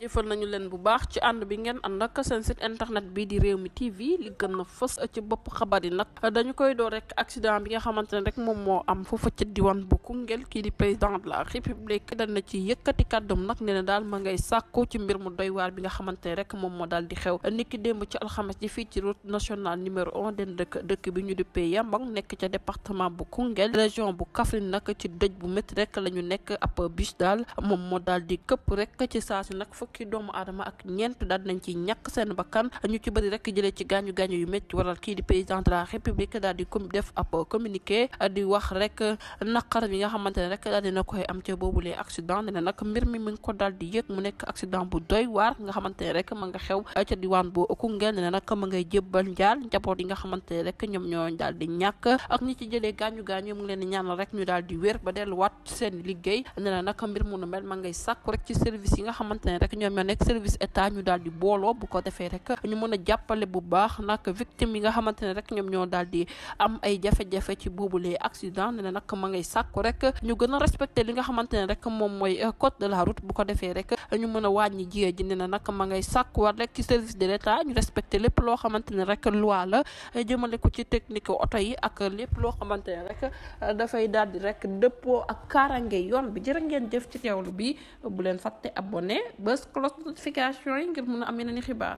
jëfal nañu leen bu baax ci ànd bi ngeen ànd ak seen site internet bi di réew mi TV li gën a fës ci bopp xabar yi nag dañu koy door rek accident bi nga xamante ne rek moom moo am foofa ci diwaan bu Koungheul kii di président de la république na ci yëkkati kàddum nag nee na daal ma ngay sàkku ci mbir mu doy bi nga xamante ne rek moom moo daal di xew niki démb ci alxames ji fii ci route nationale numéro on den dëkk dëkk bi ñu duppee Yambang nekk ca département bu Koungheul région bu Kaffrine nag ci dëj bu métti rek la ñu nekk ab bus daal moom moo daal di këpp rek ci saa fukki doomu aadama ak ñeent daal nañ ci ñàkk seen bakkan ñu ci bëri rek jëlee ci gaañu gaañu yu métti waral kii di président de la république daal di def bi nga xamante ne rek daal dina koy am ca boobulee accident ne nag mbir mi mi ko daal mu nekk accident bu doy waar nga xamante ne rek ma nga xew ca diwaan bu Koungheul ne nag ma ngay jébbal njaal njaboot yi nga xamante ne rek ñoom ñoo daal di ñàkk ak ñi ci jëlee gaañu gaañu mu ngi leen di mbir mu nu mel ma ngay sàkku rek ci service yi nga xamante ne rek rek ñoom ñoo nekk service état ñu daal di booloo bu ko defee rek ñu mën a jàppale bu baax nag victime yi nga xamante ne rek ñoom ñoo daal di am ay jafe-jafe ci boobulee accident ne na nag ma ngay sàkku rek ñu gën a respecté li nga xamante ne rek moom mooy code de la route bu ko defee rek ñu mën a wàññi jiyee ji na nag ma ngay sàkkuwaat rek ci service de ñu respecté lépp loo xamante ne rek loi la jëmale ko ci technique oto yi ak lépp loo xamante ne rek dafay daal di rek dëppoo ak kaarange yoon bi jërë ngeen jëf ci teewlu bi bu leen fàtte abonné bës cloche notification yi ngir mun a am yeneen i xibaar